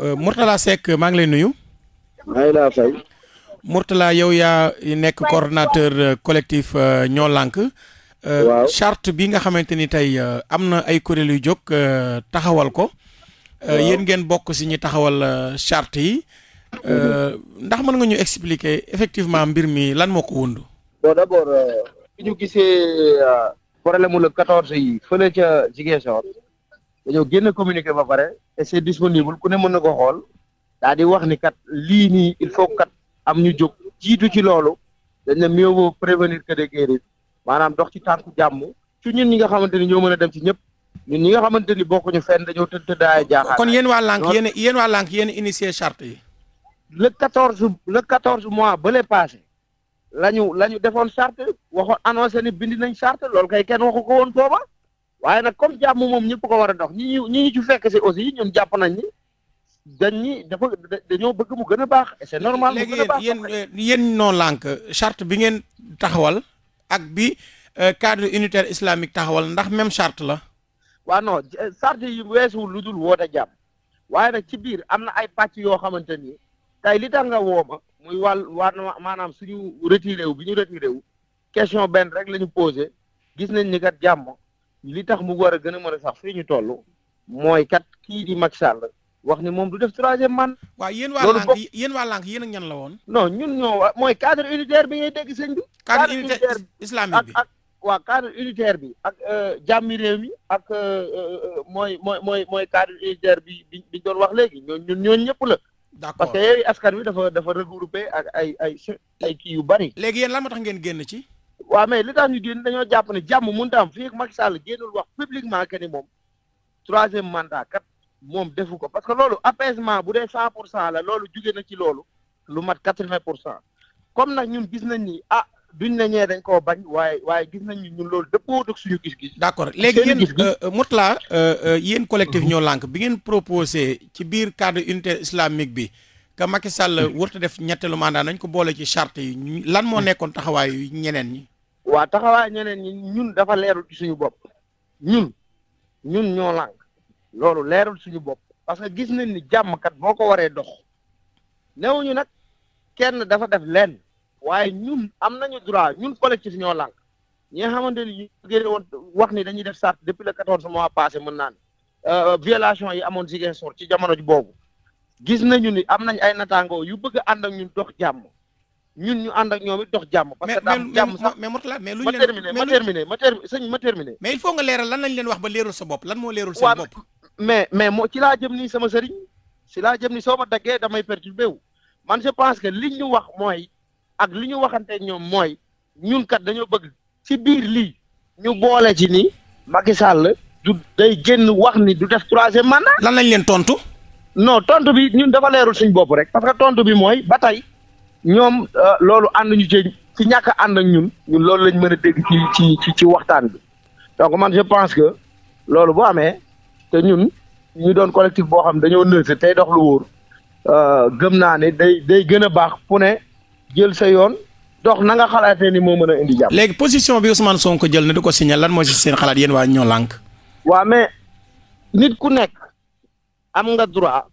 Euh, Mourtala Seck maa ngi lay nuyu. maa ngi yow yaa yu nekk coordonnateur euh, collectif euh, ñoo lànk. charte bi nga xamante ni tey am na ay kuréel yu jóg taxawal ko. yéen ngeen bokk si ñi taxawal charte yi. Mhm. ndax mën nga ñu expliquer effectivement mbir mi lan moo ko wund. bon d' abord. ñu gisee problème dañoo génn communiqué ba pare et c'est disponible ku ne mën na ko xool daal di wax ni kat lii nii il faut kat am ñu jóg jiitu ci loolu dañ ne mieux vaut prévenir que maanaam dox ci tànku jàmm ci ñun ñi nga xamante ni ñoo mën a dem ci ñëpp ñun ñi nga xamante ni bokkuñu fenn dañoo tëdd tëddaay jaaxaar. kon yéen waa lànk yéen yéen waa lànk yéen initié charte yi. le quatorze le quatorze mois bële passé la ñu la ñu defoon charte waxoon annoncé ni bind nañ charte loolu kay kenn waxu ko booba. waaye nag comme jàmm moom ñëpp ko war a dox ñi ñu ñi ñu fekk si aussi ñun jàpp nañ dañ ñi dafa dañoo bëgg mu gën a baax et c'est normal mu gën a baax léegi yéen yéen non lànk charte bi ngeen taxawal ak bi euh, cadre unitaire islamique taxawal ndax même charte la waa non euh, charte yi weesuwul lu dul woote jàmm waaye nag ci biir am na ay pàcc yoo xamante ni tey li tax nga wooma muy wàll waa maanaam suñu retiré wu bi ñu retiré wu question benn rek la ñu posé gis nañ ni kat jàmm li tax mu war a gën a mën a sax fii ñu toll mooy kat kii di Macky wax ni moom du def troisième man. waaw yéen waa lànk yéen waa lànk yéen ak ñan la woon. non ñun ñoo mooy cadre unitaire bi ngay degg sëñ bi. cadre unitaire islamique bi ak waa cadre unitaire bi ak euh, jàmmi réew mi ak euh, euh, mooy mooy mooy mooy cadre unitaire bi bi doon wax léegi ñoo ñun ñooñu ñëpp la. d'accord parce askan wi dafa dafa regroupé ak ay ay ay kii yu bari. léegi yéen lan moo tax ngeen génn ci. waaw mais li tax ñu génn dañoo jàpp ne jàmm mënut a am fii ak Macky Sall génnul wax publiquement que ni moom troisième mandat kat moom defu ko parce que loolu apaisement bu dee cent pour cent la loolu jugee na ci loolu lu mat quatre vingt pour cent comme nag ñun gis nañ ni ah duñ na ñee dañ ko bañ waaye waaye gis nañ ñun loolu dëppoo ak suñu gis-gis. d' accord léegi yéen euh, euh, Mourtalla euh, yéen collectif mhm. ñoo lànk bi ngeen proposé ci biir cadre unité islamique bi. que Macky Sall mhm. warut a def ñetteelu mandat nañ ko boole ci charte yi lan moo mhm. nekkoon taxawaayu ñeneen ñi. waa taxawaa ñeneen ñi ñun dafa leerul suñu bopp ñun ñun ñoo lànk loolu leerul suñu bopp parce que gis nañ ni jàmmkat boo ko waree dox newuñu nag kenn dafa def lenn waaye ñun am nañu droit ñun collectif ñoo lànk ñi nga xamante ni ñu woon wax ni dañuy def charte depuis le quatorze mois passé mën naan ne euh, violation yi amoon Ziguinchor ci jamono ji boobu gis nañu ni am nañ ay natango yu bëgg ànd ak ñun dox jàmm ñun ñu ànd ak ñoom it dox jàmm. parce que daam jàmm sax mais mais Mourtala mais. lu ñu leen ma terminé ma terminé sëñ ma terminé. mais il faut nga leeral lan lañ leen wax ba leerul sa bopp lan moo leerul seen bopp. mais mais moo ci laa jëm nii sama sëriñ si laa jëm ni soo ma daggee damay perturbé wu man je pense que li ñu wax mooy ak li ñu waxante ñoom mooy ñun kat dañoo bëgg ci biir lii ñu boole ci ni Macky Sall du day génn wax ni du def troisième mandat. lan lañ leen tontu. non tontu bi ñun dafa leerul suñ bopp rek parce que tontu bi mooy ba tey ñoom euh, loolu ànd ñu ci ci ñàkk a ànd ak ñun ñun loolu lañ mën a dégg ci ci ci ci waxtaan bi donc man je pense que loolu boo amee te ñun ñu doon collectif boo xam dañoo nëse tey dox lu wóor euh, gëm naa ne day day gën a baax ku ne jël sa yoon dox na nga xalaatee ni moo mën a indi jàmm. léegi position bi Ousmane Sonko jël na di ko signé lan mooy si seen xalaat yéen waa ñoo lànk. waa mais nit ku nekk am nga droit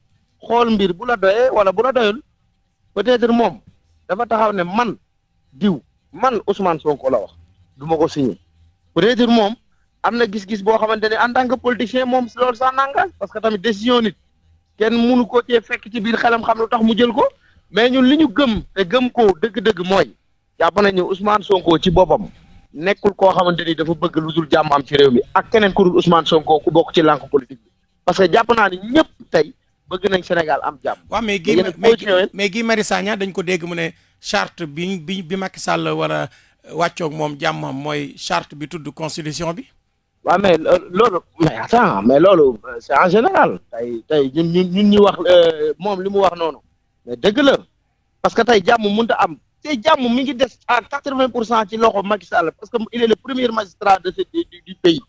xool mbir bu la doyee wala bu la doyul peut-être moom. dafa taxaw ne man diw man Ousmane Sonko la wax du ma ko signé peut moom am na gis-gis boo xamante ne tant que politicien moom loolu sa nangal parce que tamit décision nit kenn mënu ko cee fekk ci biir xelam xam lu tax mu jël ko mais ñun li ñu gëm te gëm ko dëgg-dëgg mooy jàpp nañu Ousmane Sonko ci boppam nekkul koo xamante ni dafa bëgg lu dul jàmm am ci réew mi ak keneen ku dul Ousmane Sonko ku bokk ci lànk politique bi parce que jàpp naa ni ñëpp tey. bëgg nañ Sénégal am jàmm. waaw mais Guy mais Guy Marius dañ ko dégg mu ne charte bi bi bi Macky Sall war a wàccoog moom jàmmam mooy charte bi tudd constitution bi. waa mais loolu mais attends mais loolu c'est en général tey tey ñun ñun ñun ñu wax euh, moom li mu wax noonu mais dëgg la parce que tey jàmm mënut a am tey jàmm mi ngi des à quatre-vingts pour cent ci loxo Macky Sall parce que il est le premier magistrat de ce du pays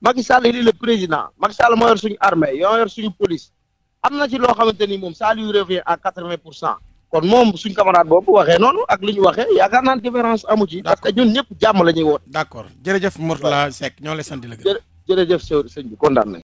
Macky Sall il est le président Macky Sall moo y suñu police. am na ci loo xamante ni moom ça lui revient à quatre-vingt pour cent kon moom suñ camarade boobu waxee noonu ak li ñu waxee yaakaar naan différence amu ci. parce que ñun ñëpp jàmm la ñuy woote. d' accord jërëjëf Mourtalla Seck ñoo lay sant la gërëm. jërëjëf sëñ bi kontaan nañ